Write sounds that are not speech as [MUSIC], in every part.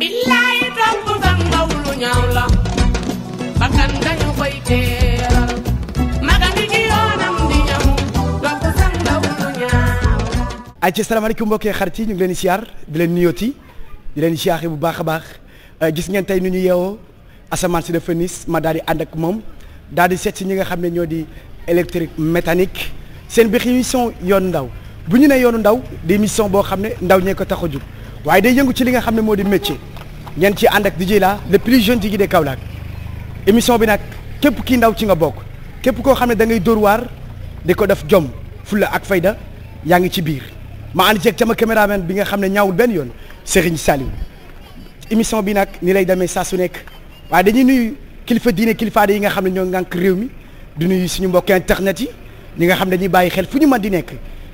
billahi dombu tan mawlu ñaaw ci yoonam di ñam xarit yi ñu ngi leen di siyaar di leen nuyooti di leen siyaaxe bu baax a baax euh, gis ngeen tey nu ñu yeewoo asamaan si dafa nis ma daal di ànd ak moom daal di seet si ñi nga xam ne ñoo di électrique mécanique seen bi émission yoon ndaw bu ñu nee yoonu ndaw di émission boo xam ne ndaw ñee ko tax a jug waaye day yëngu ci li nga xam ne moo di métier ñeen ci ànd ak di DJ la le plus jeune jigi de Kaolack émission bi nag képp kii ndaw ci nga bokk képp koo xam ne da ngay dóor waar di ko def jom fulla ak fayda yaa ngi ci biir ma ànd ceeg sama caméraman bi nga xam ne ñaawul benn yoon Serigne Saliou émission bi nag ni lay demee saa su nekk waaye dañuy nuyu kilifa diine kilifa aada yi nga xam ne ñoo ngànk réew mi du nuyu suñu mbokk internet yi ñi nga xam ne dañuy bàyyi xel fu ñu mën di nekk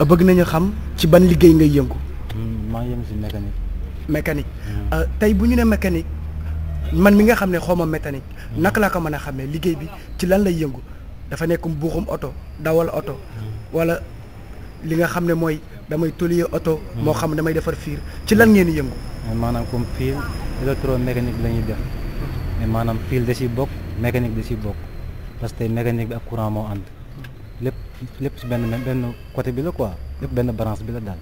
Euh, bëgg nañu xam ci ban liggéey ngay yëngu. Mm, maa ngi yëngu si mécanique. mécanique mm. euh, tey bu ñu ne mécanique man mi nga xam ne xawma mécanique. Mm. naka laa ko mën a xamee liggéey bi ci lan lay yëngu dafa nekk buuxum oto dawal oto. wala li nga xam ne mooy damay tolier oto. moo xam damay defar fiir ci lan ngeen yëngu. maanaam comme fil électromécanique la ñuy def maanaam fiil da ciy bokk mécanique da ciy bokk parce que mécanique bi ak courant moo ànd. lépp si benn benn côté bi la quoi lépp benn bi la daal.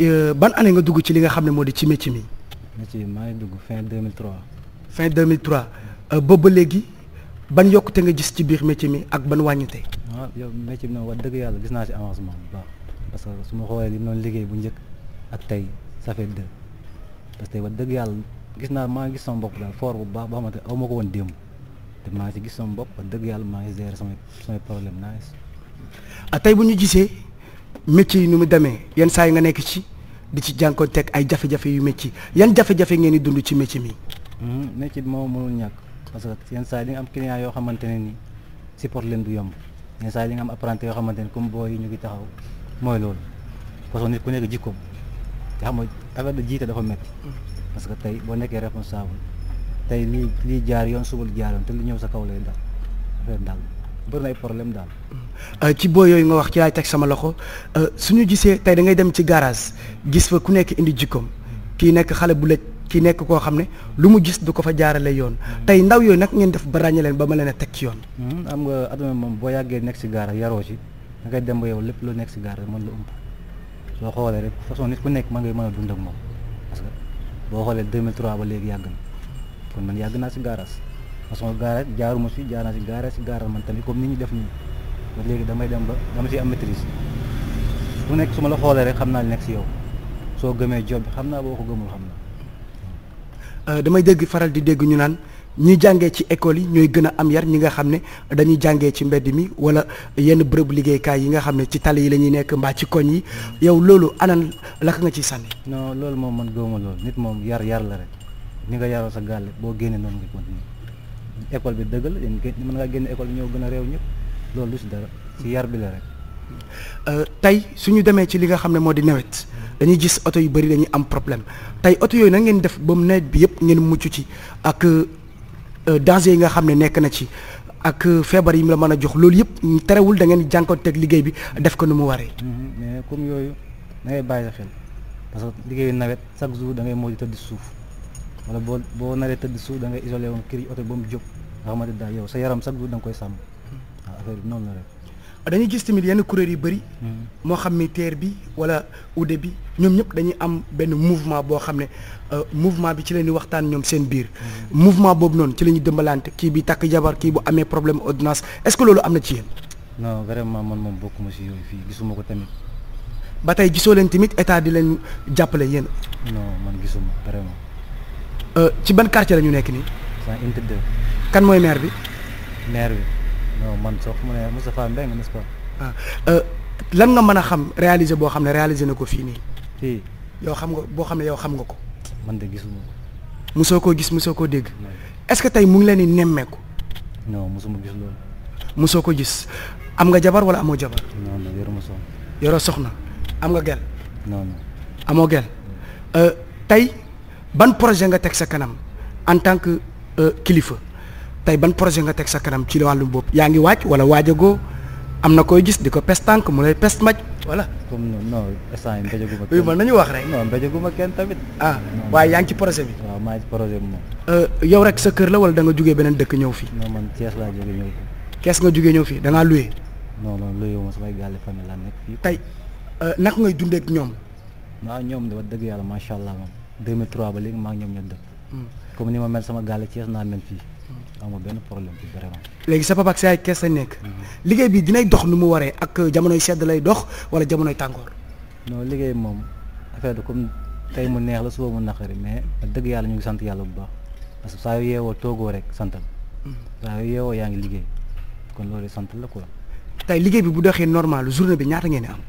Euh, ban année nga dugg ci li nga xam ne moo di ci métier mi. métier maa ngi dugg fin 2003. fin 2003 euh, boobu ba léegi ban te nga gis ci biir métier mi ak ban wàññi waaw ah, yow métier bi nag dëgg yàlla gis naa si avancement bu baax parce que su ma xoolee li noonu liggéey bu njëkk ak tey ça fait deux parce que dëgg yàlla gis naa maa ngi gis sama bopp daal fort bu baax boo xamante ne aw ma ko woon démb. te maa si gis sama bopp dëgg yàlla maa ngi gérer samay samay problème naa ah tey bu ñu gisee métier yi nu mu demee yenn saa yi nga nekk ci di ci teg ay jafe-jafe yu métier yan jafe-jafe ngeen dund ci métier mi. Hmm, métier bi moo mënul ñàkk parce que yenn saa yi nga am client yoo xamante ne ni support leen du yomb yenn saa yi nga am apprenti yoo xamante ne comme booy ñu ngi taxaw mooy loolu parce que nit ku nekk jikkoom te xam nga affaire de jiite dafa métti mm. tey lii lii jaar yoon suba lu jaar yoon te lu ñëw sa kaw lay dal daal bëri na ay problème daal. Euh, ci boo yooyu nga wax ci laay teg sama loxo euh, suñu gisee tey da ngay dem ci garage gis fa ku nekk indi jikkoom kii nekk xale bu lëj kii nekk koo xam ne lu mu gis du ko fa jaarale yoon tey ndaw yooyu nag ngeen def ba ràññee ba ma leen a teg ci yoon. Hmm, am nga adama moom boo yàggee nekk si garage yaroo ci da ngay dem ba yow lépp lu nekk si garage mën la ëmb soo rek façon nit ku nekk ma ngay mën a dund ak moom parce que boo xoolee 2003 ba léegi yàgg na téléphone man yàgg naa si garage parce que garage jaaruma si jaar naa si garage si garage man tamit comme ni ñu def ni ba damay dem ba dama si am maîtrise bu nek suma la xolé rek xamna naa li nekk yow so gëmé job xamna boko gëmul xamna euh damay dégg faral di dégg ñu naan ñi jàngee ci école yi ñoy gëna am yar ñi nga xamné dañuy ci mbéd mi wala yenn liggéey kay yi nga xamné ci tali yi lañuy nekk mba ci koñ yi mm. yow loolu anan ka nga ci sànni. non loolu mom man gëmuma loolu nit mom yar yar la rek. ni nga yaroo sa gàll boo génnee noonu nga continuer école bi dëgg la mën ngaa génne école bi ñëw gën a réew ñëpp loolu lu si dara si yar bi la rek. Euh, tey su ñu demee ci li nga xam ne moo di nawet dañuy gis oto yu bëri dañuy am problème tey oto yooyu na ngeen def ba mu nawet bi yëpp ngeen muccu ci ak euh, danger yi nga xam ne nekk na ci ak euh, feebar yi mu la mën a jox loolu yëpp terewul da ngeen teg liggéey bi def ko nu mu waree. Mm-hmm. mais comme yooyu da ngay bàyyi sa que liggéeyu nawet chaque jour da ngay moo di suuf. wala boo boo naree tëdd suuf da ngay isolé woon kiri oto ba mu jóg nga xamante daal yow sa yaram chaque jour da koy sàmm waaw affaire bi noonu la rek ah, dañu gis tamit yenn kuréel yu bëri hmm. moo xam ni teer bi wala ude bi ñoom ñëpp dañuy am benn mouvement boo xam ne euh, mouvement bi ci la ñuy waxtaan ñoom seen biir hmm. mouvement boobu noonu ci la ñuy dëmbalante kii bi takk jabar kii bu amee problème ordonnance est-ce que loolu am na ci yéen non vraiment man moom bokkuma si yooyu fii gisuma ko tamit ba tey gisoo leen tamit état di leen jàppale yéen non man gisuma vraiment Euh, ci ban quartier la ñu nekk sans deux. kan moy maire bi. maire bi non man sox xam ne mustapha mbeng nest pas. ah euh, lan nga mën xam réaliser bo xam réaliser na fi ni fi fii yow xam nga bo xam yow xam nga ko. man de gisuma musoko gis musoko deg est-ce que tay mu ngi leni nemeku non musuma gis lool musoko gis am nga jabar wala amo jabar. non non yoro musoko yoro soxna am nga gel. non non amo gel euh, tay ban projet nga tek sa kanam en tant que euh, kilifa tay ban projet nga tek sa kanam ci walu bop yaangi wacc wala wajago amna koy gis diko ko pes tànk lay pest match wala comme non instant yi mbéjaguma [LAUGHS] oui man nañu wax rek non mbéjaguma ken tamit ah waaye yaang ci projet bi wa ma ci projet mo euh yow rek sa keur la wala da nga jógee benen dekk ñew fi non man Thiès la jógee ñew fi kess nga jógee ñew fi da nga loué non non loué mo sama samay gàlli la nek fi tay euh nak ngay dundeek ñom waaw ñoom dama dëgg yàlla macha allah mom 2003 ba léegi maa ñoom ñoo dëkk. Hmm. comme ni ma mel sama gàll Thiès naa mel fii. Hmm. amul benn problème bi vraiment. léegi sa papa ak sa yaay Thiès lañ nekk. Hmm. liggéey bi dinay dox nu mu waree ak euh, jamonoy sedd lay dox wala jamonoy tàngoor. non liggéey moom affaire bi comme tey mu neex la suba na naqari mais dëgg yàlla ñu ngi sant yàlla bu baax parce que saa yeewoo toogoo rek santal. saa yu yeewoo yaa ngi liggéey kon loolu sant la quoi. tey liggéey bi bu doxee normal journée bi ñaata ngeen di am.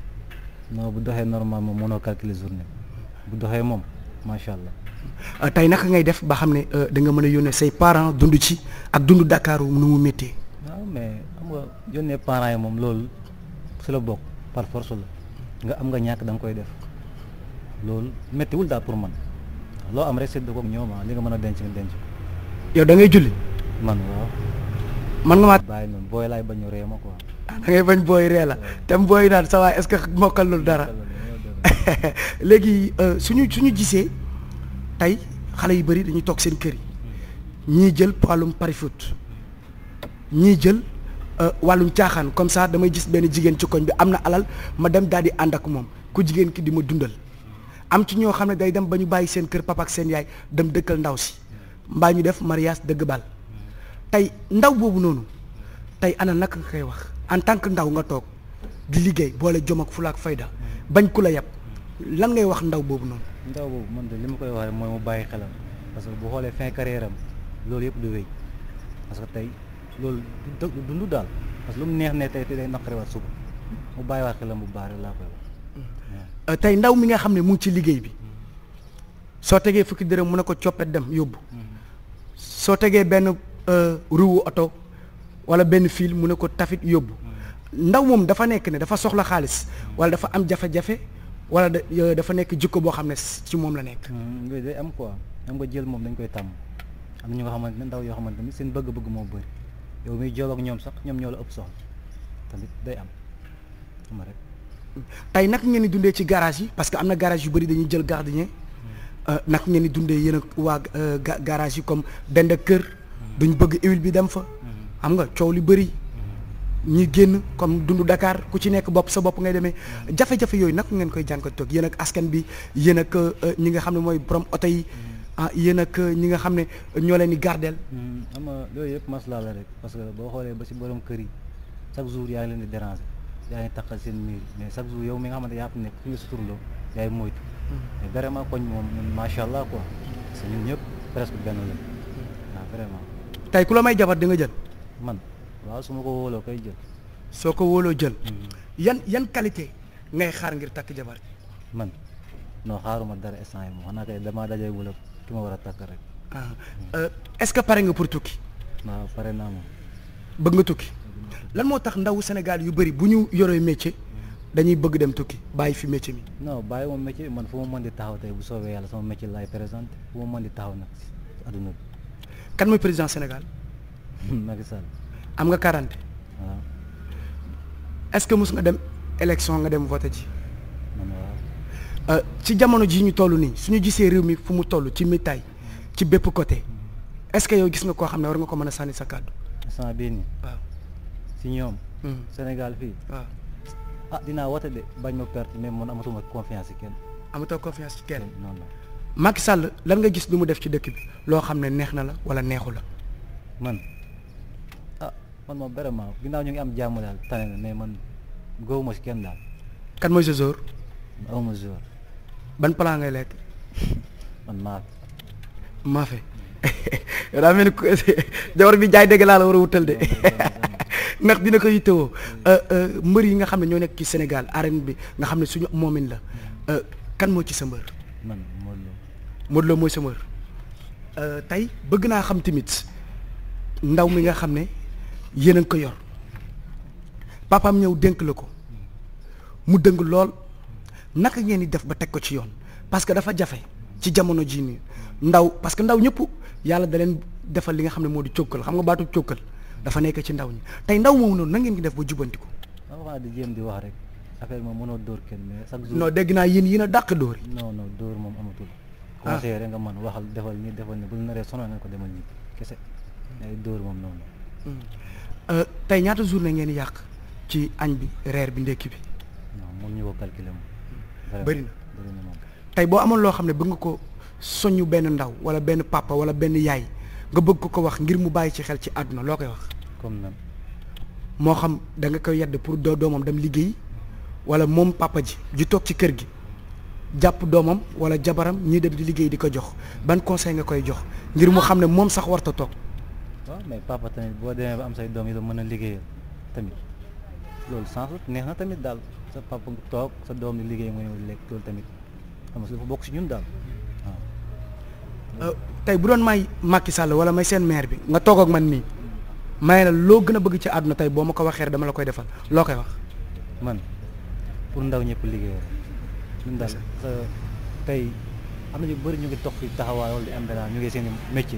non bu doxee normal moom mënoo calculer journée bu doxee moom. macha allah euh, tey naka ngay def ba xam ne euh, da nga mën a yónnee say parent dund ci ak dund dakaaru nu mu méttee. waaw mais xam nga yónnee parents yi moom loolu si la bokk par force nga am nga ñàkk danga koy def loolu méttiwul daal pour man loo am rek séddoo ko ak ñoom ah, li nga mën a denc denc ko. yow da ngay julli. man waaw. man nga maa noonu booy laay bañ a ree ma quoi. Ah, da ngay bañ booy ree la te booy naan sa waay est-ce que mokkal loolu dara. [LAUGHS] léegi euh, suñu suñu gisee tey xale yu bari dañuy toog seen kër yi ñii jël wàllum pari foot ñii jël euh, wàllum caaxaan comme ça damay gis benn jigéen ci koñ bi am na alal ma dem daal di ànd ak moom ku jigéen ki di ma dundal am ci ñoo xam ne day dem ba ñu bàyyi seen kër papa ak seen yaay dem dëkkal ndaw si mbaa ñu def mariage dëgg bal tey ndaw boobu noonu tey ana naka koy wax en tant que ndaw nga toog di liggéey boole jom ak fula ak fayda bañ ku la yàpp lan ngay wax ndaw boobu noonu. ndaw boobu man de li ma koy waxee mooy mu bàyyi xelam parce que bu xoolee fin carrière am loolu yëpp lu wéy parce que tey loolu dund daal parce lu mu neex ne tey tey day naqariwaat suba mu bàyyiwaat xelam bu baax laa koy wax. Euh, tey ndaw mi nga xam ne mu ngi ci liggéey bi soo tegee fukki dërëm mu ne ko coppet dem yóbbu soo tegee benn euh, ruwu oto wala benn fil mu ne ko tafit yóbbu ndaw moom dafa nekk ne dafa soxla xaalis wala dafa am jafe-jafe. wala dafa nekk jikko boo xam ne ci moom la nekk. Hmm, day am quoi am nga jël moom dañ koy tàmm am na ñu ndaw yoo xamante ne seen bëgg-bëgg moo bëri yow muy jool ak ñoom sax ñoom ñoo la ëpp soxla tamit day am xam nag tey naka dundee ci garage yi parce que am na garage yu bëri dañuy jël gardien hmm. euh, naka ngeen di dundee yéen ak waa euh, garage yi comme dend kër. Hmm. duñ bëgg huile bi dem fa. am nga coow li bari ñi génn comme dundu dakaar ku ci nekk bopp sa bopp ngay demee jafe-jafe yooyu nag ngeen koy jànko toog yéen askan bi yéen ak euh, ñi nga xam ne mooy borom oto hmm. ah yéen ak ñi nga xam ne ñoo leen di gardeel hmm, xam nga loolu yëpp maslaa la rek parce que boo xoolee si borom kër yi chaque jour yaa leen di déranger yaa ngi seen miir mais chaque jour yow mi nga xamante yaa fi nekk fi nga hmm. vraiment koñ moom macha allah quoi parce que ñun ñëpp presque benn la waaw ah, ku la may jabar di nga jël man waaw su ma ko wóoloo kay jël. soo ko wóoloo jël. Mm-hmm. yan yan qualité ngay xaar ngir takk jabar. man non xaaruma dara instant yi moom xanaa kay damaa dajee wala ki ma war a takk rek. Ah. Euh, est-ce que pare nga pour tukki. waaw pare naa moom. bëgg nga tukki. lan moo tax ndawu Sénégal yu bari bu ñu yoree métier. dañuy bëgg dem tukki bàyyi fi métier mi. non bàyyi moom métier man fu ma mën di taxaw tey bu soobee yàlla sama métier lay présenté fu ma mën di taxaw nag si adduna bi. kan mooy président Sénégal. [LAUGHS] Macky Sall. am nga 40 ah. est-ce que mus nga dem élection nga dem voter ci euh ci jamono ji ñu tollu ni suñu gisee réew mi fu mu toll ci mitaay ci bép côté est-ce que yow gis nga ko xamné war nga ko mëna a sa cadeau sama béni nii. waaw si ñoom. Hmm. Sénégal fi waaw ah dinaa woote de bañ ma perte mais man amatuma confiance ci kenn. amatuma confiance ci ken non non Macky Sall lan nga gis lu mu def ci dëkk bi lo xamné ne neex na la wala neexu la. man. man moom vraiment ginnaaw ñu ngi am jàmm daal tane na mais man kenn daal. kan mooy sa jour. ban plat ngay lekk. [LAUGHS] man maafe. maafe [LAUGHS] daa mel ni ko [LAUGHS] jawar bi jaay dégg laa la war a wutal de ndax dina ko yittewoo euh, euh, mbër yi nga xam ne ñoo nekk ci Sénégal arène bi nga xam ne suñu moomin la mm. euh, kan moo ci sa mbër. man Modou Lo. mooy sa mbër. tey bëgg naa xam tamit ndaw mi nga xam ne. yéen a ngi ko yor papaam ñëw dénk la ko mu dëng lool naka ngeen di def ba teg ko ci yoon parce que dafa jafe ci jamono jii nii ndaw parce que ndaw ñëpp yàlla da leen defal li nga xam ne moo di cókkal xam nga baatu cókkal dafa nekk ci ndaw ñi tey ndaw moom noonu na ngeen ngi def ba jubbantiku. waaw di jéem di wax rek affaire moom mënoo dóor kenn mais chaque jour. non dégg naa yéen yéen a dàq dóor yi. non non dóor moom amatul. Ah. nga mën waxal defal nii defal nii bu naree sonal ko demal nii kese mais dóor moom noonu. Hmm. Euh, tey ñaata jour na ngeen yàq ci añ bi reer bi ndekki bi. non ñu ko calculer moom. tey boo amoon loo xam ne bëgg nga ko soññu benn ndaw wala benn papa wala benn yaay nga bëgg ko ko wax ngir mu bàyyi ci xel ci àdduna loo koy wax. comme nan. moo xam danga nga koy yedd pour doo doomam dem liggéey wala moom papa ji ju toog ci kër gi jàpp doomam wala jabaram ñuy dem di liggéey di ko jox ban conseil nga koy jox ngir mu xam ne moom sax warta toog. waaw mais papa tamit boo demee ba am say doom yi la mën a liggéeyal tamit loolu sens neex na tamit daal sa papa nga toog sa doom di liggéey nga ñëw lekk loolu tamit xam nga dafa bokk si ñun daal waaw. Euh, bu doon may Macky Sall wala may maire bi nga toog ak man nii may la loo gën a bëgg ci àdduna tey boo ma ko waxee dama la koy defal loo koy wax. pour ndaw ñëpp liggéeyal. ñun euh, am na ñu bëri ñu ngi toog fi taxawaay wala di am ñu ngi seen i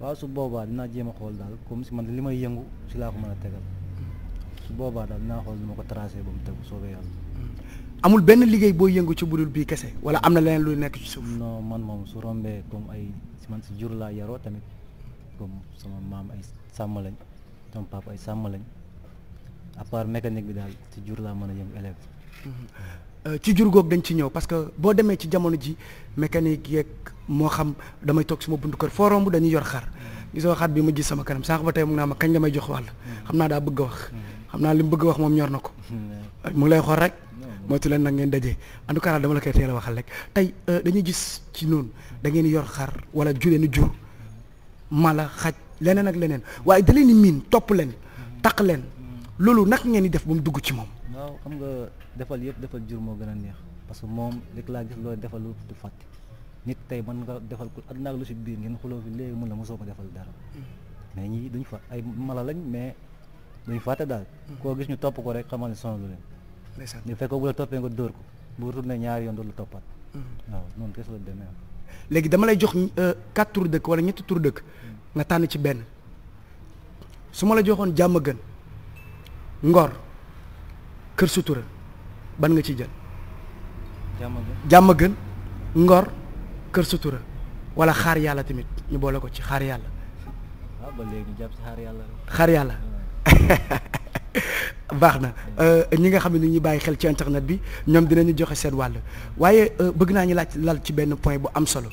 waaw su boobaa dinaa jéem a xool daal comme si man li may yëngu si laa ko mën a tegal su boobaa daal dinaa xool ni ma ko tracé ba mu tegu soobee yàlla. amul benn liggéey boo yëngu ci budul bii kese wala am na leneen lu nekk ci suuf. non man moom su rombee comme ay man si jur laa yaroo tamit comme sama maam ay sàmm lañ sama papa ay sàmm lañ à bi daal si jur laa mën a yëngu élève mhm. Euh, ci jur googu dañ ci ñëw parce que boo demee ci jamono ji mécanique yeeg moo xam damay toog suma buntu kër foo romb dañuy yor xar gisoo xar bi ma gis sama kanam sànq ba tey mu naa ma kañ nga may jox wàll xam naa daa bëgg a wax xam naa li mu bëgg a wax moom ñor na ko mu ngi lay xool rek moytu leen nag ngeen dajee en tout cas dama la koy teel a waxal rek tey euh, dañuy gis ci noonu da ngeen yor xar wala juleen jur mala xaj leneen ak leneen waaye da leen miin topp leen taq leen loolu nag ngeen di def ba mu dugg ci moom. waaw xam nga defal yëpp defal jur moo gën a neex parce que moom léeg laa gis looy defal lu nit tey mën nga defal ko àdduna ak lu si biir ngeen xuloo fi léegi mun la mosoo ma defal mais ñii duñ fa ay mala lañ mais duñ fàtte daal. koo gis ñu topp ko rek xamal ne sonal leen. ndeysaan fekk bu la nga dóor ko bu rut na ñaari yoon toppaat. Mm-hmm. waaw noonu kese la demee léegi dama lay jox euh, quatre tour dëkk wala ñetti tour dëkk nga tànn ci benn su ma la joxoon jàmm gën. ngor kër sutura ban nga ci jël jàmm gën ngor kër sutura wala xaar yàlla tamit ñu boole ko ci xaar yàlla ah, xaar yàlla ah. [LAUGHS] baax na euh, ñi nga xam ne ñu bàyyi xel ci internet bi ñoom dinañu joxe seen wàll waaye euh, bëgg naa ñu laaj lal ci benn point bu am solo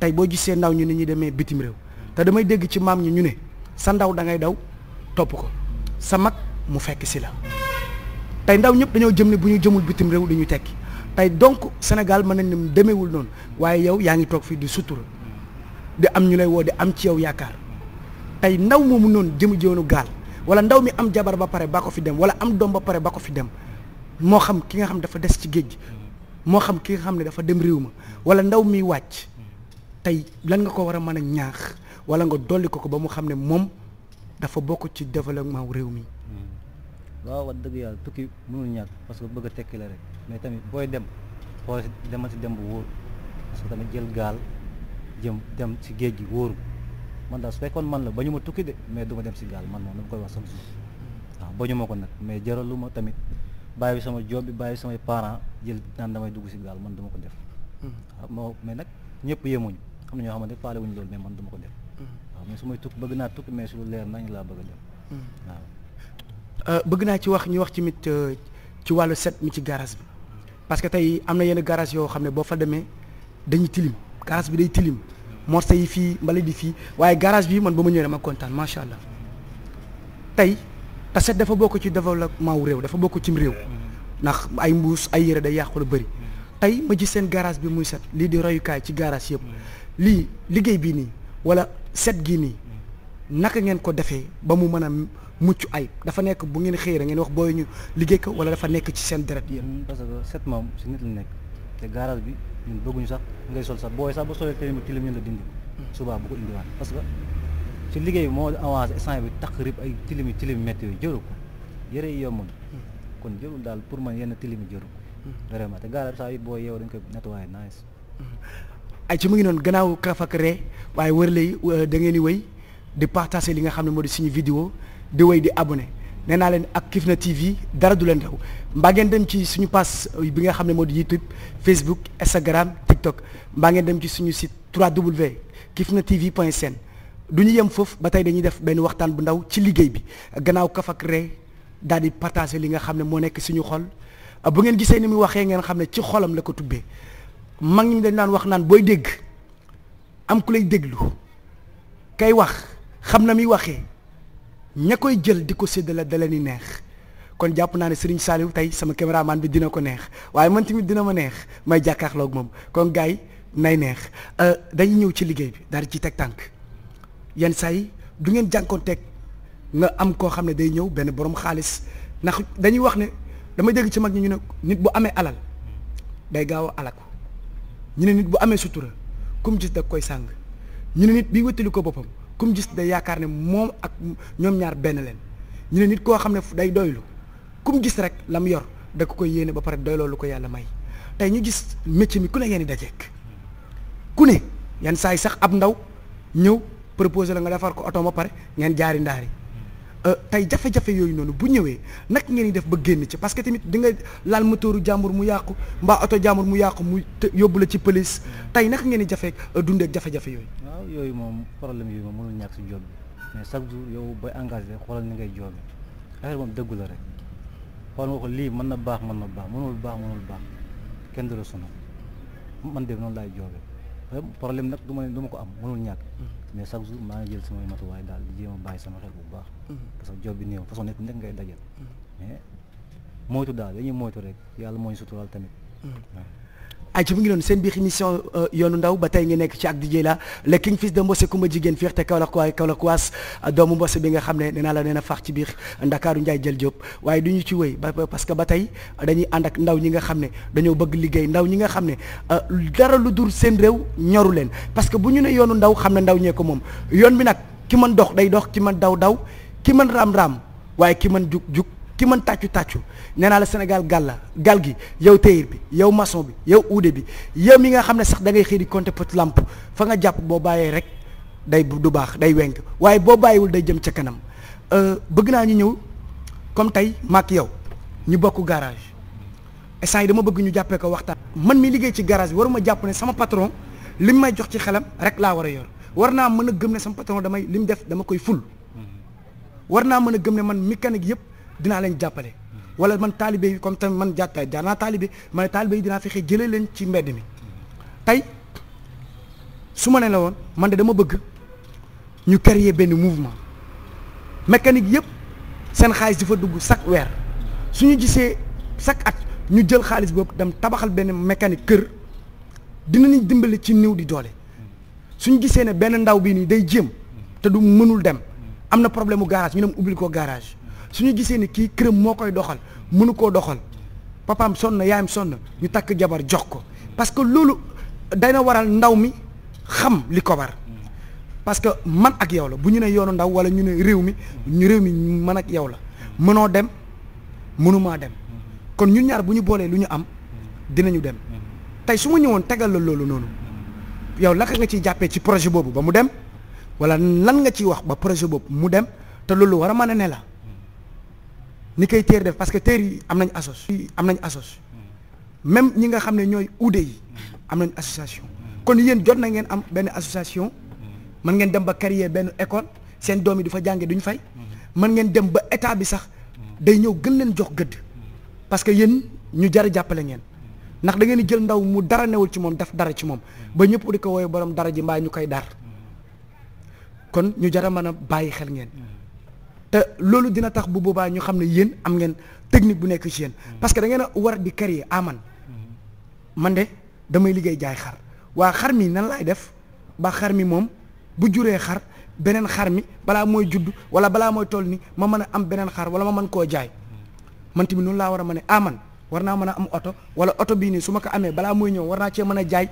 tey boo gisee ndaw ñi ni ñuy demee bitim réew te damay dégg ci maam ñi ñu ne sa ndaw dangay daw topp ko sa mag mu fekk si la tey ndaw ñëpp dañoo jëm ne bu ñu jëmul bitim réew du tekki tey donc Sénégal mën nañ ne demeewul noonu waaye yow yaa ngi toog fii di sutura di am ñu lay woo di am ci yow yaakaar tey ndaw moomu noonu jëmu joonu gaal wala ndaw mi am jabar ba pare ba ko fi dem wala am doom ba pare ba ko fi dem moo xam ki nga xam dafa des ci géej moo xam ki nga xam ne dafa dem réew ma wala ndaw mi wàcc tey lan nga ko war a mën a ñaax wala nga dolli ko ko ba mu xam ne moom. dafa bokk ci développement réew mi. Hmm. waaw wax dëgg yàlla tukki mënul ñàkk parce que bëgg a tekki la rek mais tamit booy dem xool si si dem bu wóor parce tamit jël gaal jëm dem si géej gi wóoru man daal su fekkoon man la ba ñu ma tukki de mais du ma dem si gaal man moom dama koy wax sama suuf waaw ba ñu ma ko nag mais jaralu ma tamit bàyyi sama job bi bàyyi samay parents jël naan damay dugg si gaal man dama ko def. Hmm. waaw mais nag ñëpp yemuñu am na ñoo xam ne faale wuñu loolu mais man duma ko def. waaw mais bëgg naa tukki mais su lu leer nañ laa bëgg a dem. Hmm. Euh, bëgg naa ci wax ñu wax ci tamit euh, ci wàllu set mi ci garage bi parce que tey am na yenn garage yoo xam ne boo fa demee dañuy tilim garage bi day tilim morceaux yi fii mbala di fii waaye garage bi man ba ma ñëwee dama kontaan macha allah tey te set dafa bokk ci développement wu réew dafa bokk cim réew ndax ay mbuus ay yëre day yàqu lu bëri tey ma gis seen garage bi muy set lii di royukaay ci garage yëpp lii liggéey set gi nii naka ngeen ko defee ba mu mën a mucc ay dafa nekk bu ngeen xëy ngeen wax booy ñu liggéey ko wala dafa nekk ci seen deret yéen mm, parce que set moom si nit nekk te garage bi ñun bëgguñu sax ngay sol sax booy sax ba solee télé bi tilim ñun la parce que si liggéey moo avancé instant bi taq rib ay tilim yi tilim métti yooyu jëru ko yëre yi yombul kon jërul daal pour man yenn tilim yi jëru ko mm. vraiment te garage bi saa yu booy yeew dañ koy nettoyé nice mm-hmm. ay ci mu ngi noonu gannaaw kaf ak ree waaye wër lay euh, da ngeen di wéy di partager li nga xam ne moo di suñu vidéo di wéy di nee naa leen ak Kifne TV dara du leen raw mbaa ngeen ci suñu pass bi nga xam ne moo di YouTube Facebook Instagram TikTok mbaa ngeen dem ci suñu site www.kifnetv.sn du ñu yem foofu ba tey dañuy def benn waxtaan bu ndaw ci liggéey bi gannaaw kaf daal di partager li nga xam ne moo nekk suñu xol bu ngeen gisee ni muy waxee ngeen xam ne ci xolam la ko tubbee. mag ñi dañ daan wax naan booy dégg am ku lay déglu kay wax xam na muy waxee ña koy jël di ko séddale da leen di neex kon jàpp naa ne Serigne Saliou tey sama caméraman bi dina ko neex waaye man tamit dina ma neex may jàkkaarloog moom kon gars yi nay neex euh, dañuy ñëw ci liggéey bi daal di ci teg tànk yenn saa yi du ngeen teg nga am koo xam ne day ñëw benn borom xaalis ndax dañuy wax ne dama dégg ci mag ñi ñu ne nit bu amee alal day gaaw a alak ñu ne nit bu amee sutura kum gis da koy sàng ñu ne nit bi wéttali ko boppam kum gis day yaakaar ne moom ak ñoom ñaar benn leen ñu ne nit koo xam ne day doylu kum gis rek la mu yor da ko koy yéene ba pare doyloo lu ko yàlla may tey ñu gis métier mi ku ne ngeen di dajeek ku ne yenn saa yi sax ab ndaw ñëw proposé la nga defar ko oto ba pare ngeen jaari ndaari Euh, tey jafe-jafe yooyu noonu bu ñëwee nag ngeen di def ba génn ci parce que tamit di nga laal moteuru jàmbur mu yàqu mbaa oto jàmbur mu yàqu mu yóbbu la ci police tey naka ngeen di jafe euh, dundeek jafe-jafe yooyu. waaw yooyu moom problème yooyu moom mënul ñàkk si job bi mais chaque jour yow ba engagé xoolal ni ngay job bi affaire moom dëggu la rek xool nga ko lii mën na baax mën na baax mënul baax mënul baax kenn du la sonal man de noonu laay joobee problème nag du ma du ma ko am mënul ñàkk. mais chaque jour maa ngi jël samay matuwaay daal di jéem a bàyyi sama xel bu baax. Mhm. parce que job bi néew façon nit nekk ngay dajal. Mhm. mais moytu daal dañuy moytu rek yàlla moo ñu suturaal tamit. Mhm. ay ci mu ngi noonu seen biir émission euh, yoonu ndaw ba tey ngi nekk ci ak DJ la le king fils de Mbossé Kumba jigéen fiir te Kaolack waay Kaolack waas euh, doomu Mbossé bi nga xam ne nee naa la nee na faax ci biir Ndakaaru Njaay jël Jóob waaye du ñu ci wéy parce que ba tey dañuy ànd ak ndaw ñi nga xam ne dañoo bëgg liggéey ndaw ñi nga xam ne euh, dara lu dul seen réew ñoru leen parce que bu ñu ne yoonu ndaw xam ne ndaw ñee ko moom yoon bi nag ki mën dox day dox ki mën daw daw ki mën raam raam waaye ki mën jug jug ki man tàccu tàccu nee naa la Sénégal gàl gi yow téyir bi yow maçon bi yow uude bi yow mi nga xam ne sax da xiiri xëy di compter pot lampe fa nga jàpp boo bàyyee rek day du baax day wenk waaye boo bàyyiwul day jëm ca kanam euh, bëgg naa ñu ñëw comme tey maak yow ñu bokk garage instant yi dama bëgg ñu jàppee ko waxtaan. man mi liggéey ci garage bi ma jàpp ne sama patron li mu may jox ci xelam rek laa war a yor war naa mën a gëm ne sama patron damay li mu def dama koy ful mm-hmm. war naa mën a gëm ne man mécanique yëpp. dinaa leen jàppale wala man taalibe yi comme tamit man jàttaay jaar naa taalibe ma ne taalibe yi dinaa fexe jëlee leen ci mbedd mi tey su ma ne la woon man de dama bëgg ñu créer benn mouvement mécanique yëpp seen xaalis di fa dugg chaque weer su ñu gisee chaque at ñu jël xaalis boobu dem tabaxal benn mécanique kër dinañu dimbali ci niw di doole suñu gisee ne benn ndaw bi nii day jéem te du mënul dem am na problème mu garage ñu dem ubbil ko garage su ñu gisee ni kii këram moo koy doxal mënu koo doxal papaam sonn yaayam sonn ñu takk jabar jox ko parce que loolu dana waral ndaw mi xam li ko war parce que man ak yow la bu ñu ne yoonu ndaw wala ñu ne réew mi ñu réew mi mën ak yow la mënoo dem mënumaa dem kon ñun ñaar bu ñu boolee lu ñu am dinañu dem tey su ma ñëwoon tegal la loolu noonu yow laka nga ciy jàppee ci projet boobu ba mu dem wala lan nga ciy wax ba projet boobu mu dem te loolu war a mën a ne la ni koy téer def parce que téer am nañ asos am nañ asos même ñi nga xam ne ñooy uude yi am nañ association kon yéen jot na ngeen am benn association mën ngeen dem ba créer benn école seen doom yi di fa jànge duñ fay mën ngeen dem ba état bi sax day ñëw gën leen jox gëdd parce que yéen ñu jar jàppale ngeen ndax da ngeen jël ndaw mu dara newul ci moom daf dara ci ba di ko borom dara ji dar kon ñu jara a mën xel ngeen te loolu dina tax bu boobaa ñu xam ne yéen am ngeen technique bu nekk ci yéen mm-hmm. parce que da ngeen a war di créer aman ah mm-hmm. man de damay liggéey jaay xar waa xar mi nan laay def ba xar mi moom bu juree xar beneen xar mi balaa mooy judd wala balaa mooy toll ni ma mën a am beneen xar wala ma man koo jaay mm-hmm. man tamit noonu laa war a mën a aman ah war naa mën a am oto wala oto bii nii su ma ko amee balaa mooy ñëw war naa cee mën a jaay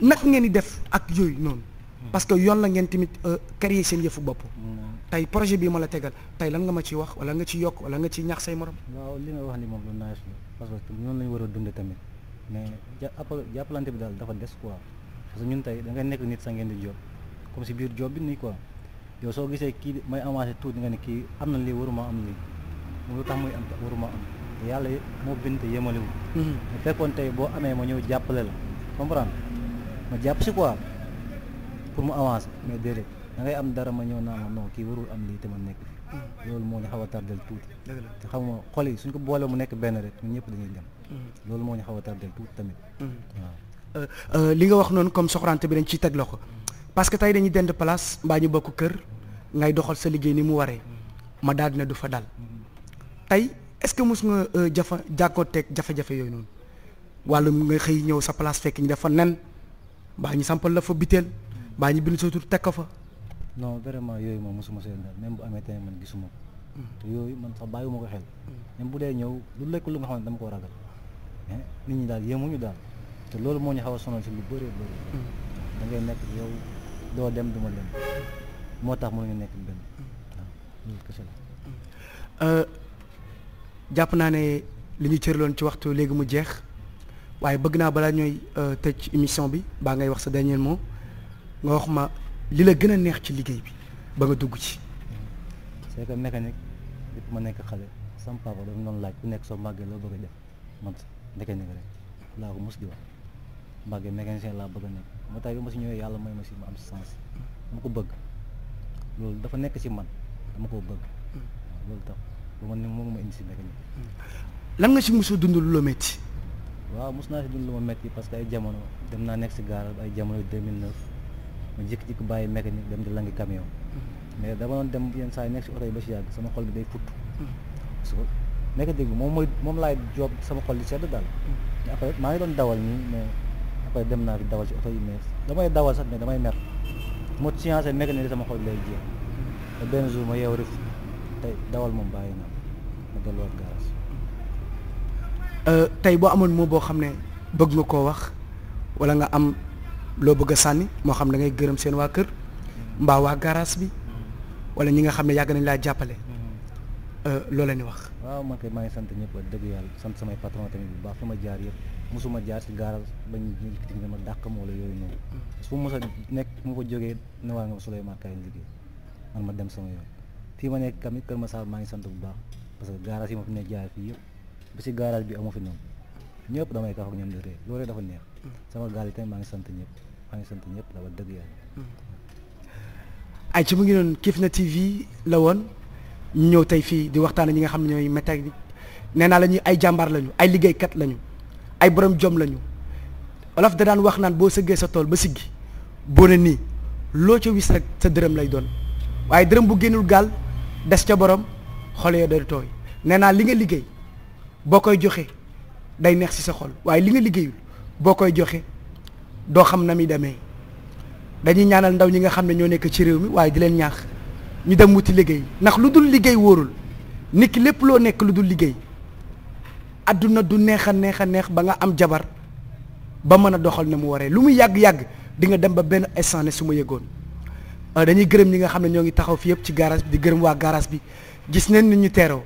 naka ngeen di def ak yooyu noonu parce que yoon la ngeen tamit euh, créer seen yëfu bopp tey projet bii ma la tegal tey lan nga ma ci wax wala nga ci yokk wala nga ci ñax say morom. waaw li nga wax ni moom lu naaj la parce que noonu la ñu war a dundee tamit mais jàppalante bi daal dafa des quoi parce que ñun tey da nga nekk nit sa ngeen di job comme si biir job bi nii quoi yow soo gisee kii may avancé tuuti nga ne kii am na lii waruma am lii moom lu tax muy am waruma am te yàlla moo bind te yemaliwu. bu mhm. fekkoon tey boo amee ma ñëw jàppale la comprendre ma jàpp si quoi pour mu avance mais déedéet. da am dara ma ñëw naa ma non kii warul am lii te ma nekk mm. loolu moo ñu xaw a tardel tuuti te xam nga xol yi suñ ko boole mu nekk benn rek ñun ñëpp dañuy dem mm. loolu moo ñu xaw a tardel tuuti tamit mm. waaw euh, euh, li nga wax noonu comme soxorante bi dañ ciy teg loxo parce que tey dañuy dend place mbaa ñu bokk kër ngay doxal sa liggéey ni mu waree ma daal dina du fa dal tey est-ce que mos nga euh, jafa jànkoonteeg jafe-jafe yooyu noonu walla mu nga xëy ñëw sa place fekk ñu dafa nen mbaa ñu sampal la fa biteel mbaa ñu bind sa teg ko fa non vraiment yoy moom musuma seen daal même bu amé tay man gisuma ko te mm. yooyu man fa bayu ko xel même bu dee ñew lu lekk lu nga xamne dama ko ragal hein eh, nit ñi dal yemuñu dal te lolu mo ñu xawa sonu ci lu bëre bëre da mm. ngay nekk yow do dem duma dem motax mo ngi nekk ben waaw kessel euh japp na né li ñu cërlon ci waxtu légui mu jeex waye bëgg na bala ñoy euh, tecc émission bi ba ngay wax sa dernier mot nga wax ma li la gën a neex ci liggéey bi ba nga dugg ci. c'est que mécanique ma nekk xale sama papa dafa noonu laaj ku nekk soo màggee loo bëgg a def man mécanique rek laa ko mos di wax màggee mécanicien laa bëgg a nekk moo tax bi ma si ñëwee yàlla mooy ma si ma am sens dama ko bëgg loolu dafa nekk si man dama koo bëgg waaw loolu tax ba man ni moom ma indi si mécanique. lan nga si mosoo dund lu la métti. waaw mos naa si dund lu ma métti parce que ay jamono dem naa nekk si gaar ay jamono 2009. ma jékki-jékki bàyyi mécanique dem di langi camion mm-hmm. mais dama doon dem yenn saa yi nekk si oto yi ba si yàgg sama xol bi day futt mm-hmm. parce que mécanique bi moom mooy moom laay joob sama xol di sedd daal mm-hmm. après maa ngi doon dawal nii mais après dem naa fi dawal si damay dawal sax mais damay mer moo science mécanique sama xol lay jeex te benn jour ma yeew rek tey dawal moom bàyyi naa ma delluwaat garage euh, tey boo amoon moo boo xam ne bëgg nga koo wax wala nga am loo bëgg a sànni moo xam da ngay gërëm seen waa kër mbaa waa garaas bi wala ñi nga xam ne yàgg nañ laa jàppale euh, loo leen di wax waaw man kay maa ngi sant ñëpp dëgg yàlla sant samay patron bu baax fa ma jaar yëpp mosuma jaar si garage bañ yëkkati ne ma dàq ma yooyu noonu mm. fu mu mos a nekk mu fa jógee waa nga Souleymane kaay liggéey ma dem sama yoon fii ma nekk tamit Kër Massar maa ngi sant bu baax parce que garage yi ma fi ne jaar fii yëpp ba si garage bi amu fi noonu ñëpp damay kaf ak ñoom di réer loolu dafa neex sama gaal yi tamit maa ngi sant ñëpp maa ngi sant ñëpp dafa dëgg yàlla ay ci mu ngi noonu Kifne TV la woon ñu ñëw tey fii di waxtaan ñi nga xam ne ñooy mécanique nee naa la ñuy ay jàmbaar lañu ay liggéeykat lañu ay borom jom lañu Wolof da daan wax naan boo sëggee sa tool ba siggi boo ne nii loo ca wis rek sa dërëm lay doon waaye dërëm bu génnul gaal des ca borom xol ya day tooy nee naa li nga liggéey boo koy joxe day neex ci sa xol waaye li nga liggéeyul boo koy joxee doo xam na muy demee dañuy ñaanal ndaw ñi nga xam ne ñoo nekk ci réew mi waaye di leen ñaax ñu dem wuti liggéey ndax lu dul liggéey wóorul nit ki lépp loo nekk lu dul liggéey adduna du neex a neex a neex ba nga am jabar ba mën a doxal na mu waree lu muy yàgg-yàgg di nga dem ba benn instant su ma yëgoon euh, dañuy gërëm ñi nga xam ne ñoo ngi taxaw fi yëpp ci garage bi di gërëm waa garage bi gis nañ ni ñu teeroo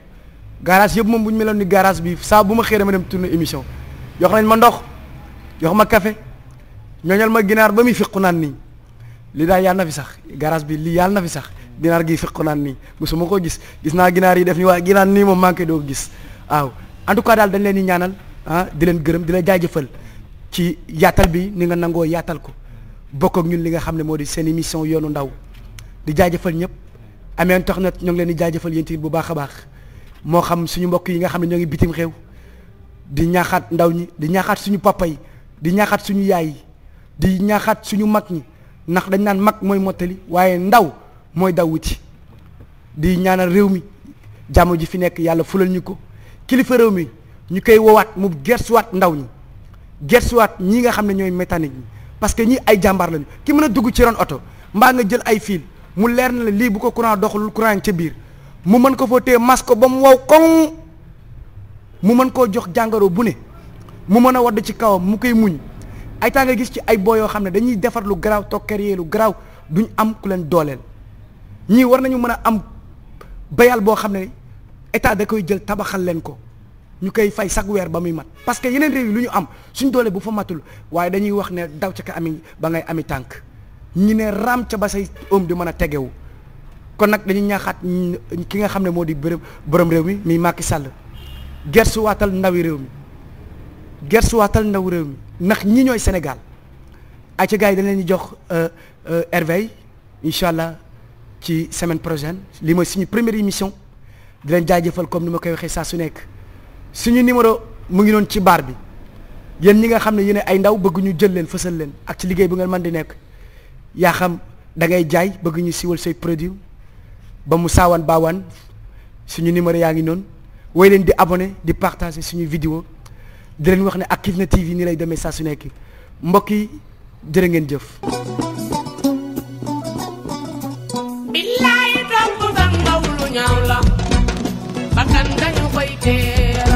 garage yëpp moom bu ñu meloon ni garage bi saa bu ma xëy dama dem tourner émission jox nañ ma ndox jox ma café ñooñal ma ginaar ba muy fiqu naan nii li daal na fi sax garage bi lii yàlla na fi sax ginaar gi fiqu naan nii musuma ko gis gis naa ginaar yi def ni waaye ginaar nii moom manqué doo gis waaw tout cas daal dañ leen di ñaanal ah di leen gërëm di la jaajëfal ci yaatal bi ni nga nangoo yaatal ko bokk ak ñun li nga xam ne moo di seen émission yoonu ndaw di jaajëfal ñëpp ameen tax na ñoo ngi leen di jaajëfal yéen bu baax a baax mo xam suñu mbokk yi nga xam ne ñoo ngi bitim xew di ñaaxaat ndaw ñi di ñaaxaat suñu papa yi di ñaaxaat suñu yaay yi di ñaaxaat suñu mag ñi ndax dañ naan mag mooy mottali waaye ndaw mooy daw wuti di ñaanal réew mi jàmm ji fi nekk yàlla fulal ñu ko kilifa réew mi ñu koy wowaat mu gersuwaat ndaw ñi gersuwaat ñi nga xam ne ñooy mécanique ñi parce que ñi ay jàmbaar lañu ki mën a dugg ci ron oto mbaa nga jël ay fil mu leer na la lii bu ko courant doxul courant ci biir mu man ko fo te mas ko bam mu kong mu man ko jox jangaro bu ne mu meuna wad ci kaw mu koy muñ ay gis ci ay dañuy defar lu tok tokeri lu graw duñ am ku len ni ñi war nañu meuna am bayal bo xamne état da koy jël tabaxal len ko ñu koy fay chaque wer ba muy mat parce que yeneen rew yi lu am suñ doole bu fa matul waye dañuy wax ne daw ci ka ami ba ngay ami tank ñi ne ram ci ba say om di meuna a kon nag dañuy ñaaxaat ki nga xam ne moo di bërëb borom réew mi muy Macky Sall gersuwaatal ndawi réew mi gert gersuwaatal ndaw réew mi ndax ñi ñooy Sénégal ay ca gars yi dañ leen di jox euh, euh, Hervé incha allah ci semaine prochaine li mooy suñu première émission di jaajëfal comme ni ma koy waxee saa su nekk suñu numéro mu ngi noonu ci baar bi yéen ñi nga xam ne yéen ay ndaw bëgg ñu jël leen fësal leen ak ci liggéey bu ngeen man di nekk yaa xam dangay jaay bëgguñu ñu siwal say produit ba mu saawan baawaan suñu numéro yaa ngi noonu woy leen di abonné di partager suñu vidéo di leen wax ne ak Kifne TV nii lay demee saa su nekk mbokk yi jërë ngeen jëf. billaay topp ba ngawlu ñaaw la bakkan dañu koy teel